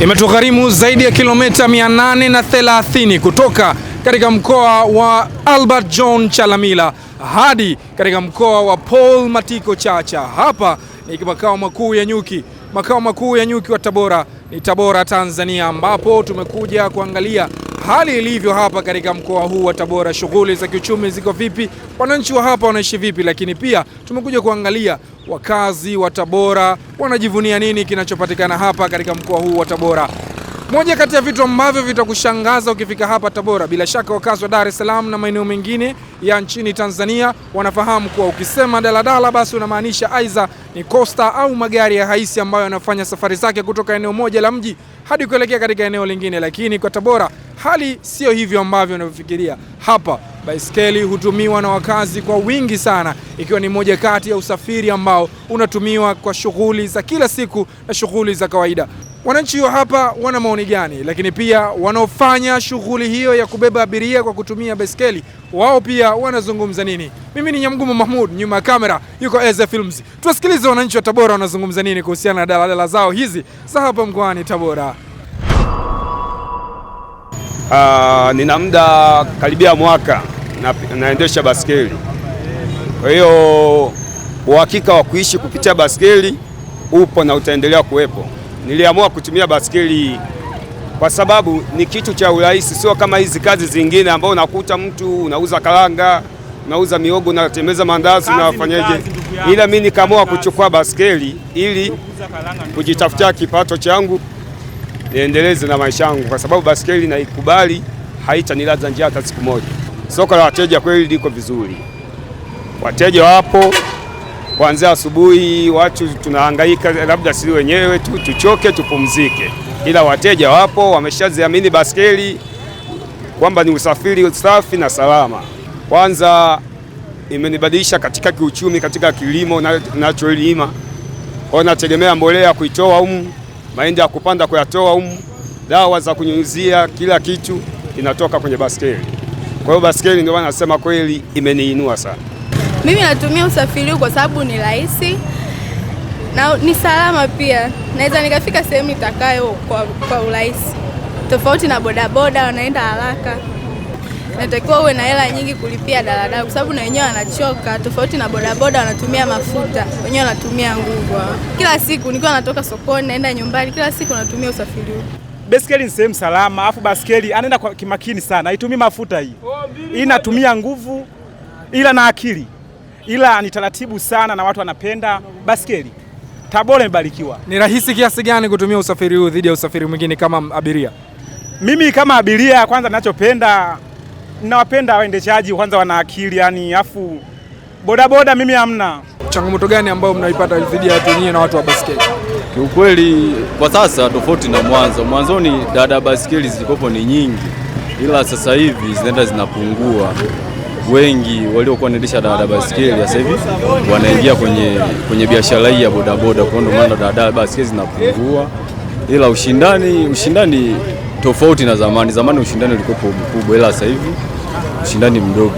Imetugharimu zaidi ya kilomita 830 kutoka katika mkoa wa Albert John Chalamila hadi katika mkoa wa Paul Matiko Chacha. Hapa ni makao makuu ya nyuki, makao makuu ya nyuki wa Tabora ni Tabora, Tanzania, ambapo tumekuja kuangalia hali ilivyo hapa katika mkoa huu wa Tabora, shughuli za kiuchumi ziko vipi, wananchi wa hapa wanaishi vipi, lakini pia tumekuja kuangalia wakazi wa Tabora wanajivunia nini kinachopatikana hapa katika mkoa huu wa Tabora. Moja kati ya vitu ambavyo vitakushangaza ukifika hapa Tabora, bila shaka wakazi wa Dar es Salaam na maeneo mengine ya nchini Tanzania wanafahamu kuwa ukisema daladala, basi unamaanisha aidha ni kosta au magari ya haisi ambayo yanafanya safari zake kutoka eneo moja la mji hadi kuelekea katika eneo lingine, lakini kwa Tabora Hali sio hivyo ambavyo unavyofikiria. Hapa baiskeli hutumiwa na wakazi kwa wingi sana, ikiwa ni moja kati ya usafiri ambao unatumiwa kwa shughuli za kila siku na shughuli za kawaida. Wananchi wa hapa wana maoni gani? Lakini pia wanaofanya shughuli hiyo ya kubeba abiria kwa kutumia baiskeli, wao pia wanazungumza nini? Mimi ni Nyamgumo Mahmud, nyuma ya kamera yuko Eze Films. Tuwasikilize wananchi wa Tabora wanazungumza nini kuhusiana na daladala zao hizi za hapa mkoani Tabora. Ah, nina muda karibia mwaka na, naendesha baskeli. Kwa hiyo uhakika wa kuishi kupitia baskeli upo na utaendelea kuwepo. Niliamua kutumia baskeli kwa sababu ni kitu cha urahisi, sio kama hizi kazi zingine ambao unakuta mtu unauza karanga, unauza miogo, unatembeza mandazi, unafanyaje. Ila mimi nikaamua kuchukua baskeli ili kujitafutia kipato changu niendeleze na maisha yangu, kwa sababu baskeli naikubali, haitanilaza njia hata siku moja. Soko la wateja kweli liko vizuri, wateja wapo kuanzia asubuhi. Watu tunahangaika, labda si wenyewe tu tuchoke, tupumzike, ila wateja wapo, wameshaziamini baskeli kwamba ni usafiri safi na salama. Kwanza imenibadilisha katika kiuchumi, katika kilimo nacholima, kwao nategemea mbolea kuitoa humu mahindi ya kupanda kuyatoa humu, dawa za kunyunyizia, kila kitu inatoka kwenye baskeli. Kwa hiyo baskeli, ndio maana nasema kweli imeniinua sana. Mimi natumia usafiri huu kwa sababu ni rahisi na ni salama pia, naweza nikafika sehemu nitakayo kwa, kwa urahisi tofauti na bodaboda, wanaenda haraka inatakiwa uwe na hela nyingi kulipia daladala, kwa sababu na wenyewe wanachoka, tofauti na bodaboda wanatumia mafuta, wenyewe wanatumia nguvu. Kila siku nikiwa natoka sokoni naenda nyumbani, kila siku natumia usafiri huu. Baskeli ni sehemu salama, afu baskeli anaenda kwa kimakini sana, haitumii mafuta hii. Hii inatumia nguvu ila na akili, ila ni taratibu sana na watu wanapenda baskeli. Tabora imebarikiwa. Ni rahisi kiasi gani kutumia usafiri huu dhidi ya usafiri mwingine kama abiria? Mimi kama abiria, kwanza ninachopenda nawapenda waendeshaji kwanza, wana akili yani, afu bodaboda mimi hamna. Changamoto gani ambayo mnaipata dhidi ya watu wenyewe na watu wa baskeli? Kiukweli kwa sasa tofauti na mwanzo, mwanzoni dada baskeli zilikopo ni nyingi, ila sasa hivi zinaenda zinapungua. Wengi waliokuwa wanaendesha dada baskeli sasa hivi wanaingia kwenye, kwenye biashara hii ya bodaboda, kwa ndio maana dada baskeli zinapungua, ila ushindani ushindani tofauti na zamani. Zamani ushindani ulikuwa mkubwa, ila sasa hivi ushindani mdogo.